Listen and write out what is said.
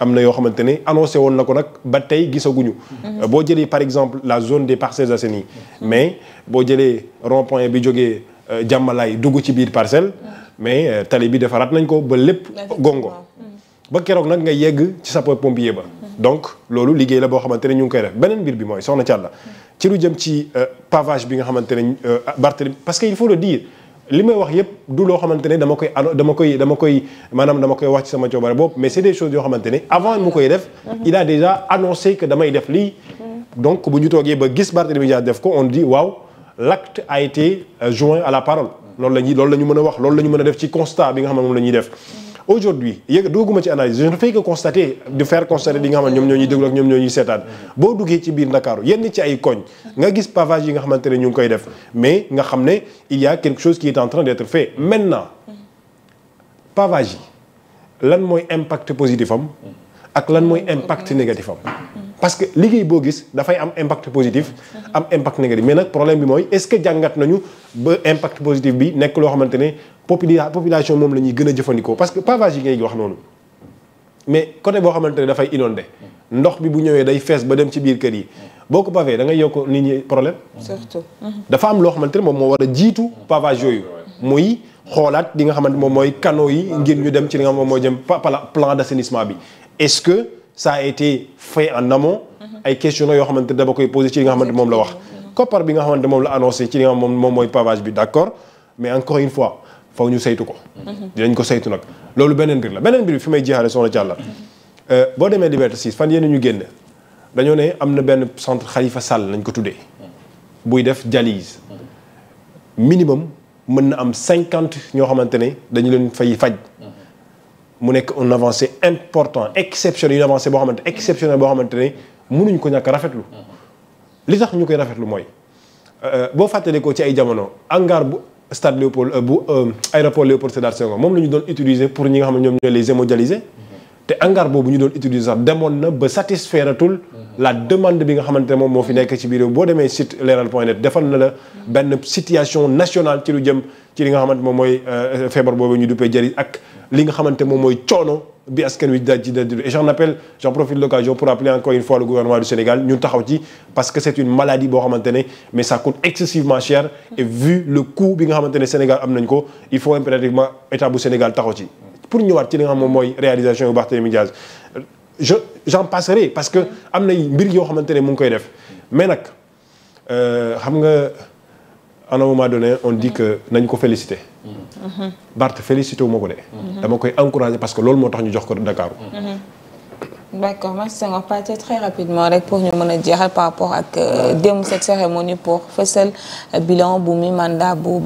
am na yoo xamante ne annoncé woon na ko nag ba tey gisaguñu. Mhm. boo jëlee par exemple la zone des Parcelles Assainies mhm. mais boo jëlee rond-point bi jógee jàmmalaay euh, dugg ci biir parcelle. mais euh, tali bi defaraat nañ ko ba lépp. gongo mm. ba keroog nag nga yegg ci sapeur pompier ba. Mm. donc loolu liggéey la boo xamante ne ñu ngi koy def beneen mbir bi mooy soxna Thialla. Mm. ci lu jëm ci euh, pavage bi nga xamante ne Barthélemy parce que il faut le dire. li may wax yëpp du loo xamante ne dama koy ano dama koy dama koy maanaam dama koy wax ci sama coobare bopp mais c'est des choses yoo xamante ne avant mu koy def. Mhm. il a déjà annoncé que damay def lii. Mhm. donc bu ñu toogee ba gis Barthélémy Dias def ko on dit waaw l'acte a été euh, joint à la parole. loolu la ñuy la mën a wax loolu la ñu mën a def ci constat bi nga xam ne moom la ñuy def. Mhm. aujourd'hui yëg dugguma ci analyse je ne fais que constater de faire di nga xam ne ñoom ñoo ñuy déglu ak ñoom ñoo ñuy seetaan boo duggee ci biir Ndakaaru yenn ci ay koñ nga gis pavage yi nga xamante ne ñu ngi koy def mais nga xam ne il y a quelque chose qui est en train d'être fait maintenant pavage yi lan mooy impact positif am ak lan mooy impact négatif am parce que liggéey boo gis dafay am impact positif am impact négatif mais nag problème bi mooy est-ce que jàngat nañu ba impact positif bi nekk loo xamante ne population moom la ñuy gën a jëfandikoo parce que pavage yi ngay wax noonu mais côté boo xamante ne dafay inondé ndox bi bu ñëwee day fees ba dem ci biir kër yi boo ko pavé da ngay yokk nit ñi problème. dafa am loo xamante ne moom moo war a jiitu pavage yooyu muy xoolaat di nga xamante moom mooy canaux yi ngir ñu dem ci li nga xam moom mooy jëm plan d'assainissement bi est-ce que. ça a été fait en amont. ay questions yoo xamante dama koy posé ci li nga xamante moom la wax. koppar bi nga xamante moom la annoncé ci li nga xam moom mooy pavage bi d' accord mais encore une fois faw ñu saytu ko. Mhm. dinañ ko saytu nag loolu beneen mbir la beneen mbir bi fi may jeexalee soxna Diallo. Mhm. Euh, boo demee Liberté 6 fan yéen ñu génn dañoo ne am na benn centre Khalifa Sall nañ ko tuddee. buy def dialyse. Mhm. minimum mën na am cinquante ñoo xamante ne dañu leen fay faj. mu nekk une avancée importante exceptionnelle une avancée boo xamante exceptionnelle boo xamante ne mënuñ ko ñàkk rafetlu li tax ñu koy rafetlu mooy euh, boo fàttalee ko ci ay jamono hangar bu stade Léopold euh, bu euh, aéroport Léopold Sédar Senghor moom la ñu doon utiliser pour ñi nga xam ne ñoom ñooy les hémodialysés hangar boobu ñu doon utiliser sax demoon na ba satisfairatul la demande bi nga xamante ne moom moo fi nekk ci biir boo demee site leeral point net defal na la benn situation nationale ci lu jëm ci li nga xamante moom mooy euh, feebar boobu ñu duppee jëri ak li nga xamante moom mooy coono bi askan wi daj ci daj et j'en appelle j'en de l'occasion pour appeler encore une fois le gouvernement du Sénégal ñu taxaw ci parce que c'est une maladie boo xamante ne mais ça coûte excessivement cher et vu le bi nga xamante ne Sénégal am nañ ko il faut impérativement état bu Sénégal taxaw ci pour ñëwaat ci li nga xam moom mooy réalisation yu Barthélémy Diaz je j'en passerai parce que am na mbir yoo xamante ne mu ngi koy def mais nag euh, xam nga à un moment donné on di que nañ ko féliciter. Barth félicité wu ma ko de. dama koy encourager parce que loolu moo tax ñu jox ko Dakar. d'accord merci Senghor Pathé très rapidement rek pour ñu mën a jeexal par rapport ak euh, démb cette cérémonie pour fësal bilan bu mi mandat bu.